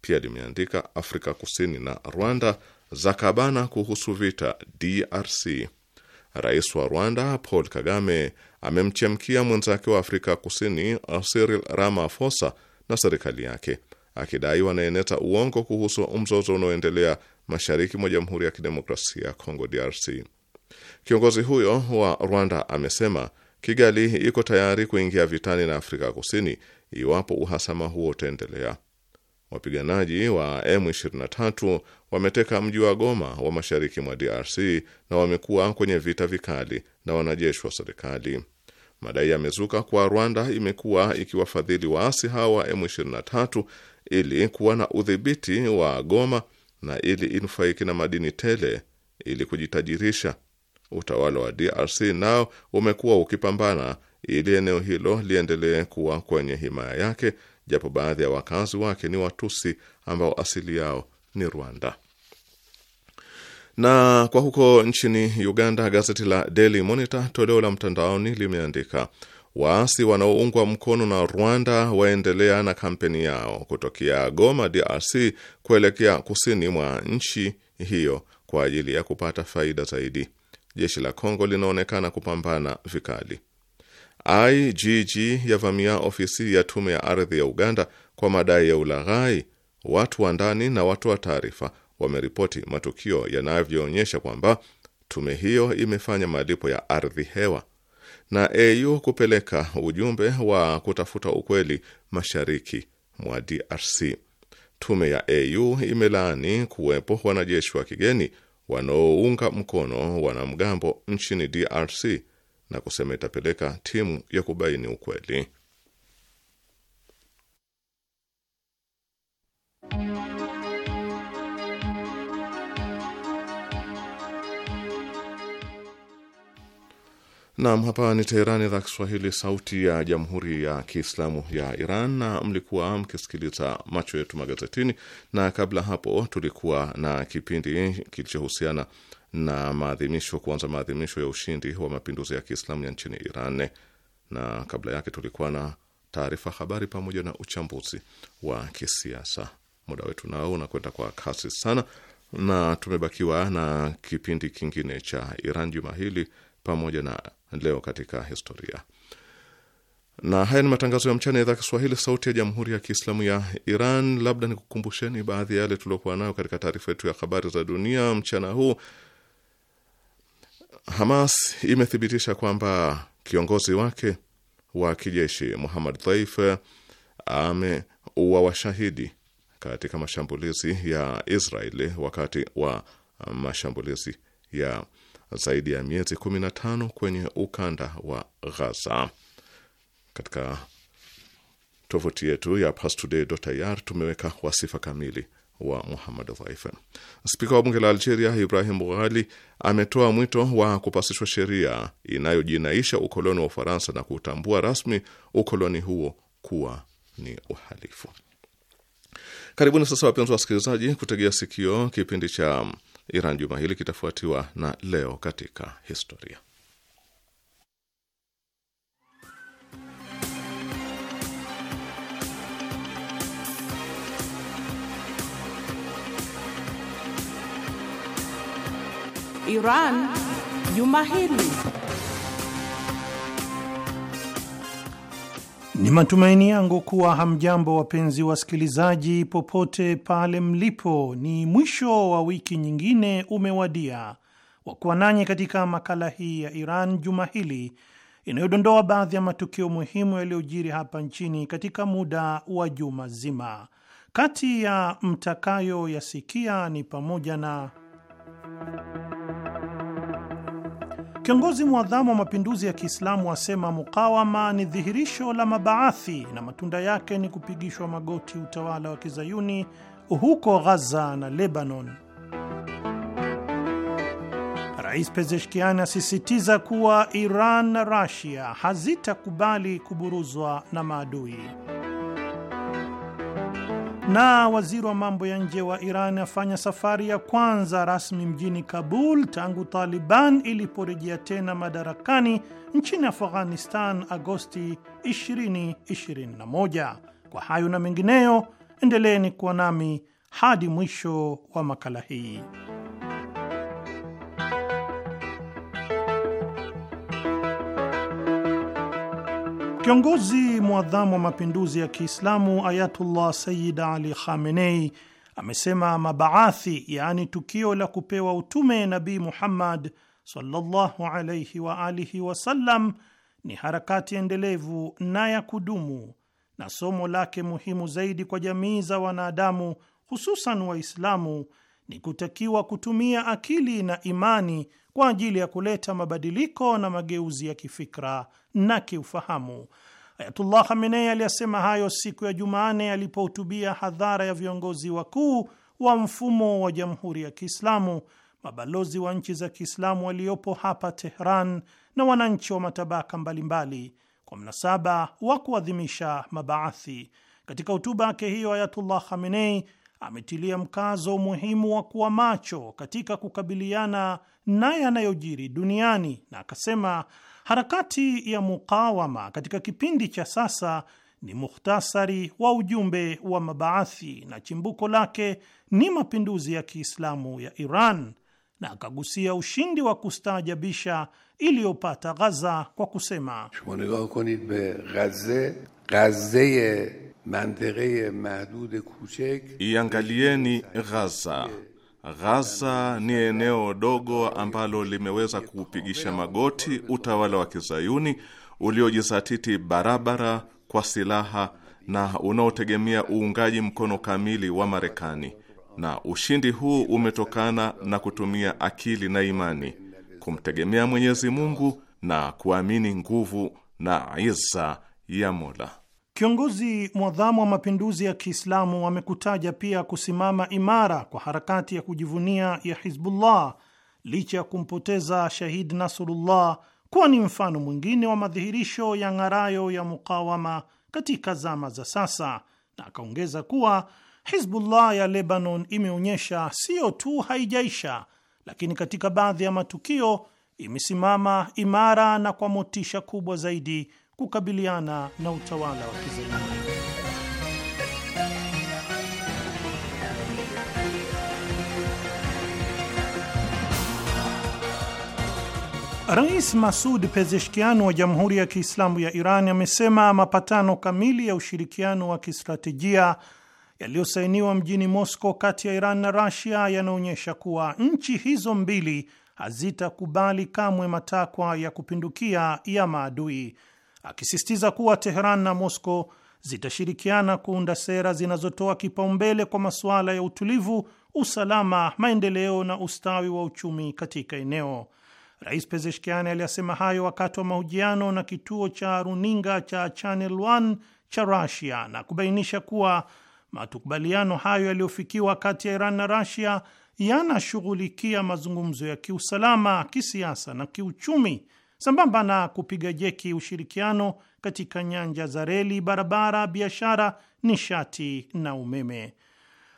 pia limeandika Afrika Kusini na Rwanda zakabana kuhusu vita DRC. Rais wa Rwanda Paul Kagame amemchemkia mwenzake wa Afrika Kusini Cyril Ramaphosa na serikali yake akidai wanaeneza uongo kuhusu mzozo unaoendelea mashariki mwa Jamhuri ya Kidemokrasia ya Kongo DRC. Kiongozi huyo wa Rwanda amesema Kigali iko tayari kuingia vitani na Afrika Kusini iwapo uhasama huo utaendelea. Wapiganaji wa M23 wameteka mji wa Goma wa mashariki mwa DRC na wamekuwa kwenye vita vikali na wanajeshi wa serikali. Madai yamezuka kwa Rwanda imekuwa ikiwafadhili waasi hawa wa M23 ili kuwa na udhibiti wa Goma na ili inufaiki na madini tele ili kujitajirisha. Utawala wa DRC nao umekuwa ukipambana ili eneo hilo liendelee kuwa kwenye himaya yake japo baadhi ya wakazi wake ni Watusi ambao asili yao ni Rwanda. Na kwa huko nchini Uganda, gazeti la Daily Monitor toleo la mtandaoni limeandika waasi wanaoungwa mkono na Rwanda waendelea na kampeni yao kutokea Goma, DRC kuelekea kusini mwa nchi hiyo kwa ajili ya kupata faida zaidi. Jeshi la Kongo linaonekana kupambana vikali. IGG yavamia ofisi ya tume ya ardhi ya Uganda kwa madai ya ulaghai. Watu wa ndani na watu wa taarifa wameripoti matukio yanavyoonyesha kwamba tume hiyo imefanya malipo ya ardhi hewa na AU kupeleka ujumbe wa kutafuta ukweli mashariki mwa DRC. Tume ya AU imelaani kuwepo wanajeshi wa kigeni wanaounga mkono wanamgambo nchini DRC na kusema itapeleka timu ya kubaini ukweli. Nam, hapa ni Teherani, idhaa Kiswahili, sauti ya jamhuri ya kiislamu ya Iran, na mlikuwa mkisikiliza macho yetu magazetini, na kabla hapo tulikuwa na kipindi kilichohusiana na maadhimisho kuanza maadhimisho ya ushindi wa mapinduzi ya Kiislamu ya nchini Iran, na kabla yake tulikuwa na taarifa habari pamoja na uchambuzi wa kisiasa. Muda wetu nao unakwenda kwa kasi sana, na tumebakiwa na kipindi kingine cha Iran juma hili pamoja na leo katika historia. Na haya ni matangazo ya mchana, idhaa Kiswahili, sauti ya jamhuri ya kiislamu ya Iran. Labda nikukumbusheni baadhi ya yale tuliokuwa nayo katika taarifa yetu ya habari za dunia mchana huu Hamas imethibitisha kwamba kiongozi wake wa kijeshi Muhammad dhaif ameua washahidi katika mashambulizi ya Israeli wakati wa mashambulizi ya zaidi ya miezi 15 kwenye ukanda wa Gaza. Katika tovuti yetu ya pastoday.ir tumeweka wasifa kamili wa Muhammad Dhaifa. Spika wa bunge la Algeria Ibrahim Bughali ametoa mwito wa kupasishwa sheria inayojinaisha ukoloni wa Ufaransa na kutambua rasmi ukoloni huo kuwa ni uhalifu. Karibuni sasa, wapenzi wa wasikilizaji, kutegea sikio kipindi cha Iran juma hili, kitafuatiwa na leo katika historia. Iran juma hili. Ni matumaini yangu kuwa hamjambo, wapenzi wasikilizaji, popote pale mlipo. Ni mwisho wa wiki nyingine umewadia wa kuwa nanyi katika makala hii ya Iran juma hili inayodondoa baadhi ya matukio muhimu yaliyojiri hapa nchini katika muda wa juma zima. Kati ya mtakayoyasikia ni pamoja na Kiongozi mwadhamu wa mapinduzi ya Kiislamu asema mukawama ni dhihirisho la mabaathi na matunda yake ni kupigishwa magoti utawala wa kizayuni huko Ghaza na Lebanon. Rais Pezeshkian asisitiza kuwa Iran na Rasia hazitakubali kuburuzwa na maadui. Na waziri wa mambo ya nje wa Iran afanya safari ya kwanza rasmi mjini Kabul tangu Taliban iliporejea tena madarakani nchini Afghanistan Agosti 2021. Kwa hayo na mengineyo, endeleeni kuwa nami hadi mwisho wa makala hii. Kiongozi mwadhamu wa mapinduzi ya Kiislamu Ayatullah Sayyid Ali Khamenei amesema mabaathi, yaani tukio la kupewa utume Nabii Muhammad sallallahu alayhi wa alihi wasallam, ni harakati endelevu na ya kudumu na somo lake muhimu zaidi kwa jamii za wanadamu, hususan Waislamu ni kutakiwa kutumia akili na imani kwa ajili ya kuleta mabadiliko na mageuzi ya kifikra na kiufahamu. Ayatullah Hamenei aliyasema hayo siku ya jumanne alipohutubia hadhara ya viongozi wakuu wa mfumo wa Jamhuri ya Kiislamu, mabalozi wa nchi za Kiislamu waliopo hapa Tehran na wananchi wa matabaka mbalimbali kwa mnasaba wa kuadhimisha mabaathi. Katika hotuba yake hiyo, Ayatullah Hamenei ametilia mkazo umuhimu wa kuwa macho katika kukabiliana na yanayojiri duniani na akasema harakati ya mukawama katika kipindi cha sasa ni mukhtasari wa ujumbe wa mabaathi na chimbuko lake ni mapinduzi ya Kiislamu ya Iran, na akagusia ushindi wa kustaajabisha iliyopata Ghaza kwa kusema be ghaze ghaze Iangalieni Ghaza. Ghaza ni eneo dogo ambalo limeweza kuupigisha magoti utawala wa kizayuni uliojizatiti barabara kwa silaha na unaotegemea uungaji mkono kamili wa Marekani, na ushindi huu umetokana na kutumia akili na imani, kumtegemea Mwenyezi Mungu na kuamini nguvu na iza ya Mola. Kiongozi mwadhamu wa mapinduzi ya Kiislamu amekutaja pia kusimama imara kwa harakati ya kujivunia ya Hizbullah licha ya kumpoteza shahid Nasrullah kuwa ni mfano mwingine wa madhihirisho ya ng'arayo ya mukawama katika zama za sasa, na akaongeza kuwa Hizbullah ya Lebanon imeonyesha siyo tu haijaisha, lakini katika baadhi ya matukio imesimama imara na kwa motisha kubwa zaidi kukabiliana na utawala wa kizayuni. Rais Masud Pezeshkian wa Jamhuri ya Kiislamu ya Iran amesema mapatano kamili ya ushirikiano wa kistratejia yaliyosainiwa mjini Moscow kati ya Iran na rasia yanaonyesha kuwa nchi hizo mbili hazitakubali kamwe matakwa ya kupindukia ya maadui akisisitiza kuwa Teheran na Moscow zitashirikiana kuunda sera zinazotoa kipaumbele kwa masuala ya utulivu, usalama, maendeleo na ustawi wa uchumi katika eneo. Rais Pezeshkian aliyasema hayo wakati wa mahojiano na kituo cha runinga cha Channel 1 cha Russia na kubainisha kuwa matukubaliano hayo yaliyofikiwa kati ya Iran na Russia yanashughulikia mazungumzo ya kiusalama, kisiasa na kiuchumi sambamba na kupiga jeki ushirikiano katika nyanja za reli, barabara, biashara, nishati na umeme.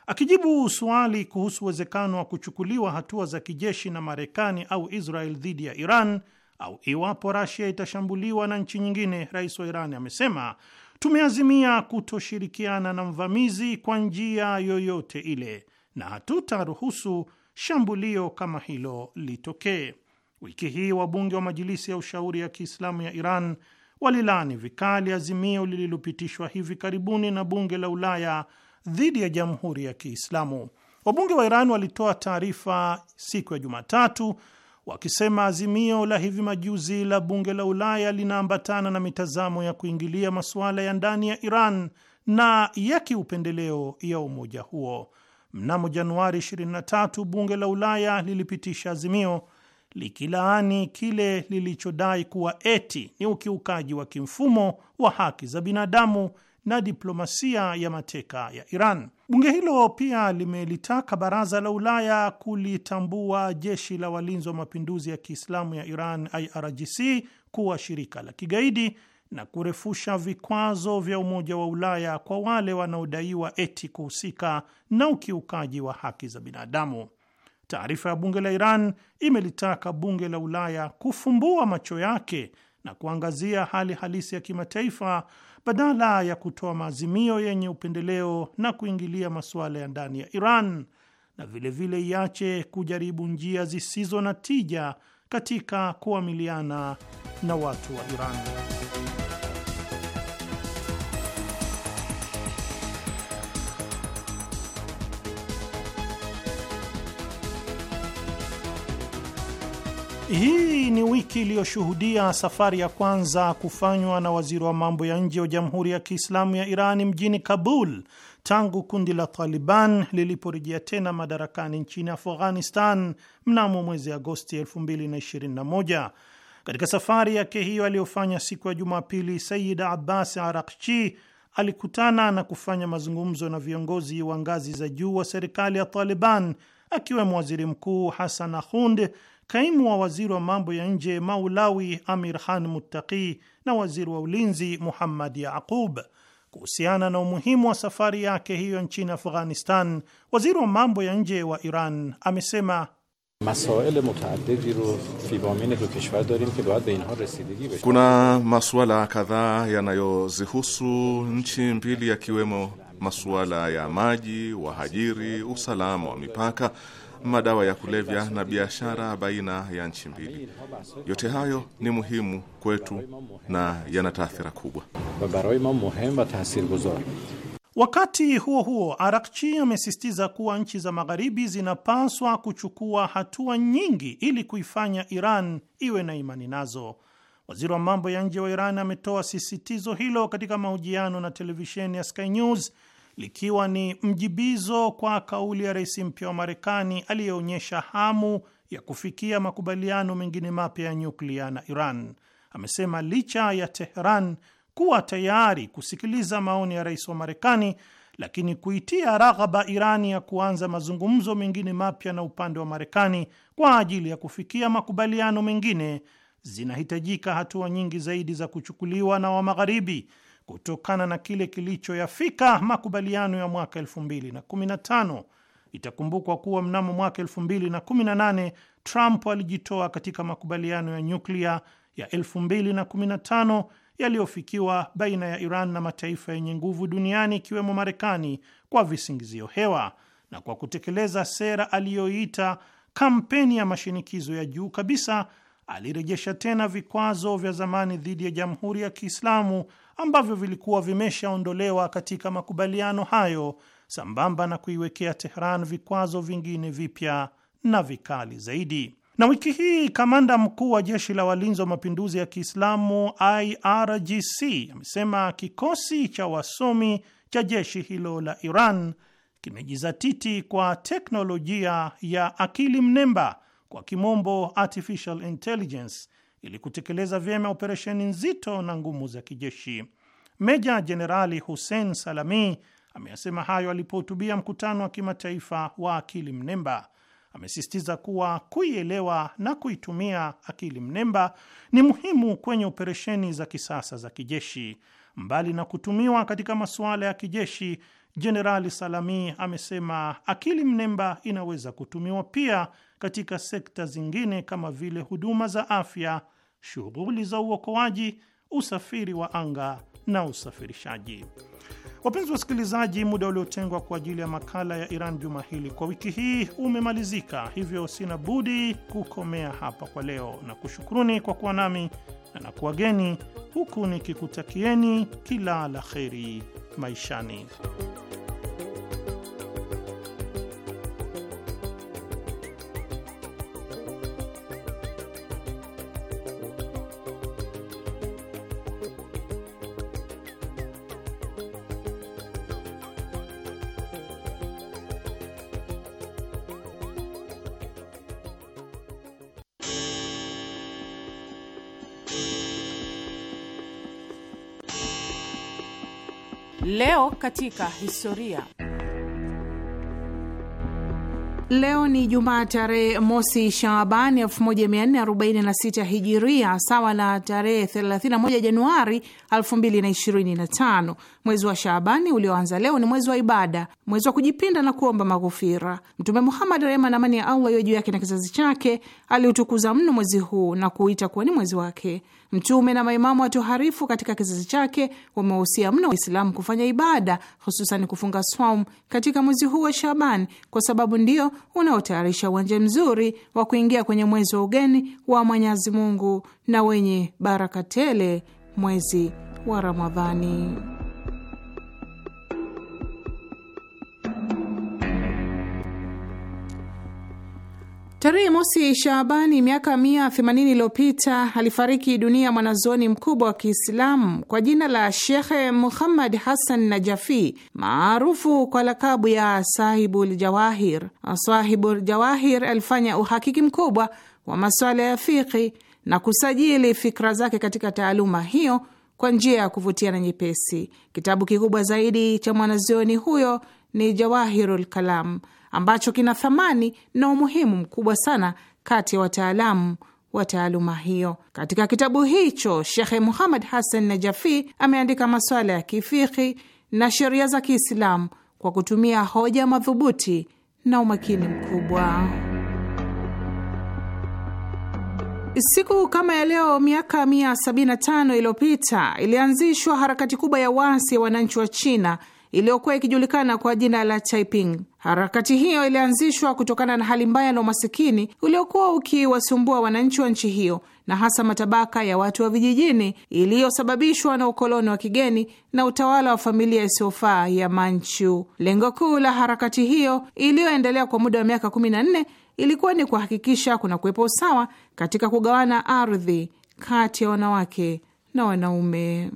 Akijibu swali kuhusu uwezekano wa kuchukuliwa hatua za kijeshi na Marekani au Israel dhidi ya Iran au iwapo Rasia itashambuliwa na nchi nyingine, rais wa Iran amesema tumeazimia kutoshirikiana na mvamizi kwa njia yoyote ile na hatutaruhusu shambulio kama hilo litokee. Wiki hii wabunge wa Majilisi ya Ushauri ya Kiislamu ya Iran walilani vikali azimio lililopitishwa hivi karibuni na bunge la Ulaya dhidi ya Jamhuri ya Kiislamu. Wabunge wa Iran walitoa taarifa siku ya Jumatatu wakisema azimio la hivi majuzi la bunge la Ulaya linaambatana na mitazamo ya kuingilia masuala ya ndani ya Iran na ya kiupendeleo ya umoja huo. Mnamo Januari 23 bunge la Ulaya lilipitisha azimio likilaani kile lilichodai kuwa eti ni ukiukaji wa kimfumo wa haki za binadamu na diplomasia ya mateka ya Iran. Bunge hilo pia limelitaka baraza la Ulaya kulitambua jeshi la walinzi wa mapinduzi ya Kiislamu ya Iran, IRGC, kuwa shirika la kigaidi na kurefusha vikwazo vya Umoja wa Ulaya kwa wale wanaodaiwa eti kuhusika na ukiukaji wa haki za binadamu. Taarifa ya bunge la Iran imelitaka bunge la Ulaya kufumbua macho yake na kuangazia hali halisi ya kimataifa badala ya kutoa maazimio yenye upendeleo na kuingilia masuala ya ndani ya Iran, na vilevile vile iache kujaribu njia zisizo na tija katika kuamiliana na watu wa Iran. Hii ni wiki iliyoshuhudia safari ya kwanza kufanywa na waziri wa mambo ya nje wa Jamhuri ya Kiislamu ya Iran mjini Kabul tangu kundi la Taliban liliporejea tena madarakani nchini Afghanistan mnamo mwezi Agosti 2021. Katika safari yake hiyo aliyofanya siku ya Jumapili, Sayid Abbas Arakchi alikutana na kufanya mazungumzo na viongozi wa ngazi za juu wa serikali ya Taliban akiwemo waziri mkuu Hasan Ahund kaimu wa waziri wa mambo ya nje Maulawi Amir Khan Muttaqi na waziri wa ulinzi Muhammad Yaqub kuhusiana na umuhimu wa safari yake hiyo nchini Afghanistan. Waziri wa mambo ya nje wa Iran amesema kuna masuala kadhaa yanayozihusu nchi mbili, yakiwemo masuala ya maji, wahajiri, usalama wa mipaka madawa ya kulevya na biashara baina ya nchi mbili. Yote hayo ni muhimu kwetu na yana taathira kubwa. Wakati huo huo, Arakchi amesisitiza kuwa nchi za Magharibi zinapaswa kuchukua hatua nyingi ili kuifanya Iran iwe na imani nazo. Waziri wa mambo ya nje wa Iran ametoa sisitizo hilo katika mahojiano na televisheni ya Sky News likiwa ni mjibizo kwa kauli ya rais mpya wa Marekani aliyeonyesha hamu ya kufikia makubaliano mengine mapya ya nyuklia na Iran. Amesema licha ya Teheran kuwa tayari kusikiliza maoni ya rais wa Marekani, lakini kuitia raghaba Irani ya kuanza mazungumzo mengine mapya na upande wa Marekani kwa ajili ya kufikia makubaliano mengine, zinahitajika hatua nyingi zaidi za kuchukuliwa na wa Magharibi kutokana na kile kilichoyafika makubaliano ya mwaka 2015. Itakumbukwa kuwa mnamo mwaka 2018 Trump alijitoa katika makubaliano ya nyuklia ya 2015 yaliyofikiwa baina ya Iran na mataifa yenye nguvu duniani ikiwemo Marekani kwa visingizio hewa na kwa kutekeleza sera aliyoita kampeni ya mashinikizo ya juu kabisa alirejesha tena vikwazo vya zamani dhidi ya Jamhuri ya Kiislamu ambavyo vilikuwa vimeshaondolewa katika makubaliano hayo, sambamba na kuiwekea Tehran vikwazo vingine vipya na vikali zaidi. Na wiki hii kamanda mkuu wa jeshi la walinzi wa mapinduzi ya Kiislamu IRGC amesema kikosi cha wasomi cha jeshi hilo la Iran kimejizatiti kwa teknolojia ya akili mnemba kwa kimombo artificial intelligence, ili kutekeleza vyema operesheni nzito na ngumu za kijeshi. Meja Jenerali Hussein Salami ameyasema hayo alipohutubia mkutano wa kimataifa wa akili mnemba. Amesisitiza kuwa kuielewa na kuitumia akili mnemba ni muhimu kwenye operesheni za kisasa za kijeshi. Mbali na kutumiwa katika masuala ya kijeshi, Jenerali Salami amesema akili mnemba inaweza kutumiwa pia katika sekta zingine kama vile huduma za afya, shughuli za uokoaji, usafiri wa anga na usafirishaji. Wapenzi wasikilizaji, muda uliotengwa kwa ajili ya makala ya Iran juma hili kwa wiki hii umemalizika, hivyo sina budi kukomea hapa kwa leo na kushukuruni kwa kuwa nami na nakuwageni huku nikikutakieni kila la kheri maishani. Leo katika historia. Leo ni Jumaa tarehe mosi Shaabani 1446 Hijiria, sawa na tarehe 31 Januari 2025. Mwezi wa Shaabani ulioanza leo ni mwezi wa ibada, mwezi wa kujipinda na kuomba maghufira. Mtume Muhammad, rehema na amani ya Allah iwe juu yake na kizazi chake, aliutukuza mno mwezi huu na kuuita kuwa ni mwezi wake. Mtume na maimamu watoharifu katika kizazi chake wamewahusia mno Waislamu kufanya ibada, hususan kufunga swam katika mwezi huu wa Shaban, kwa sababu ndio unaotayarisha uwanja mzuri wa kuingia kwenye mwezi wa ugeni wa Mwenyezi Mungu na wenye baraka tele, mwezi wa Ramadhani. Tarehe mosi Shaabani miaka mia themanini iliyopita alifariki dunia mwanazoni mkubwa wa Kiislamu kwa jina la Shekhe Muhammad Hassan Najafi, maarufu kwa lakabu ya Sahibul Jawahir. Sahibul Jawahir alifanya uhakiki mkubwa wa masuala ya fiqhi na kusajili fikra zake katika taaluma hiyo kwa njia ya kuvutia na nyepesi. Kitabu kikubwa zaidi cha mwanazuoni huyo ni Jawahirul Kalam ambacho kina thamani na umuhimu mkubwa sana kati ya wataalamu wa taaluma hiyo. Katika kitabu hicho, Shekhe Muhammad Hassan Najafi ameandika masuala ya kifikhi na sheria za Kiislamu kwa kutumia hoja madhubuti na umakini mkubwa. Siku kama ya leo miaka 175 iliyopita ilianzishwa harakati kubwa ya wasi ya wananchi wa China iliyokuwa ikijulikana kwa jina la Taiping. Harakati hiyo ilianzishwa kutokana na hali mbaya na umasikini uliokuwa ukiwasumbua wananchi wa nchi hiyo na hasa matabaka ya watu wa vijijini, iliyosababishwa na ukoloni wa kigeni na utawala wa familia isiyofaa ya Manchu. Lengo kuu la harakati hiyo iliyoendelea kwa muda wa miaka 14 ilikuwa ni kuhakikisha kuna kuwepo usawa katika kugawana ardhi kati ya wanawake na wanaume.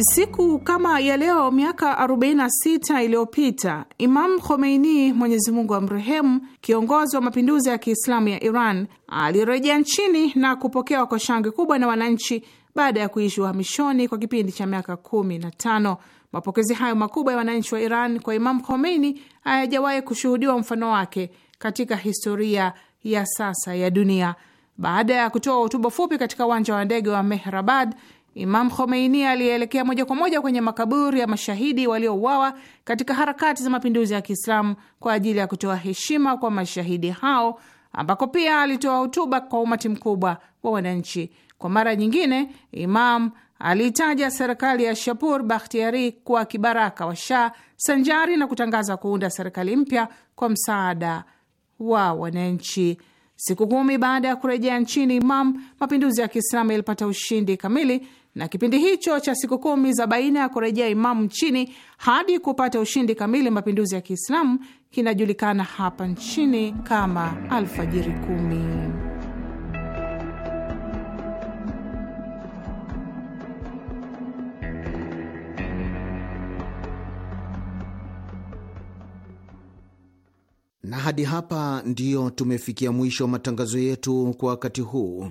Siku kama ya leo miaka 46 iliyopita Imam Khomeini, Mwenyezi Mungu amrehemu, kiongozi wa mapinduzi ya Kiislamu ya Iran, alirejea nchini na kupokewa kwa shangwe kubwa na wananchi baada ya kuishi uhamishoni kwa kipindi cha miaka kumi na tano. Mapokezi hayo makubwa ya wananchi wa Iran kwa Imam Khomeini hayajawahi kushuhudiwa mfano wake katika historia ya sasa ya dunia. Baada ya kutoa hotuba fupi katika uwanja wa ndege wa Mehrabad, Imam Khomeini aliyeelekea moja kwa moja kwenye makaburi ya mashahidi waliouawa katika harakati za mapinduzi ya Kiislamu kwa ajili ya kutoa heshima kwa mashahidi hao, ambako pia alitoa hotuba kwa umati mkubwa wa wananchi. Kwa mara nyingine, Imam aliitaja serikali ya Shapur Bakhtiari kuwa kibaraka wa Shah sanjari na kutangaza kuunda serikali mpya kwa msaada wa wananchi. Siku kumi baada ya kurejea nchini Imam, mapinduzi ya Kiislamu yalipata ushindi kamili na kipindi hicho cha siku kumi za baina ya kurejea imamu nchini hadi kupata ushindi kamili mapinduzi ya Kiislamu kinajulikana hapa nchini kama alfajiri kumi. Na hadi hapa ndiyo tumefikia mwisho wa matangazo yetu kwa wakati huu.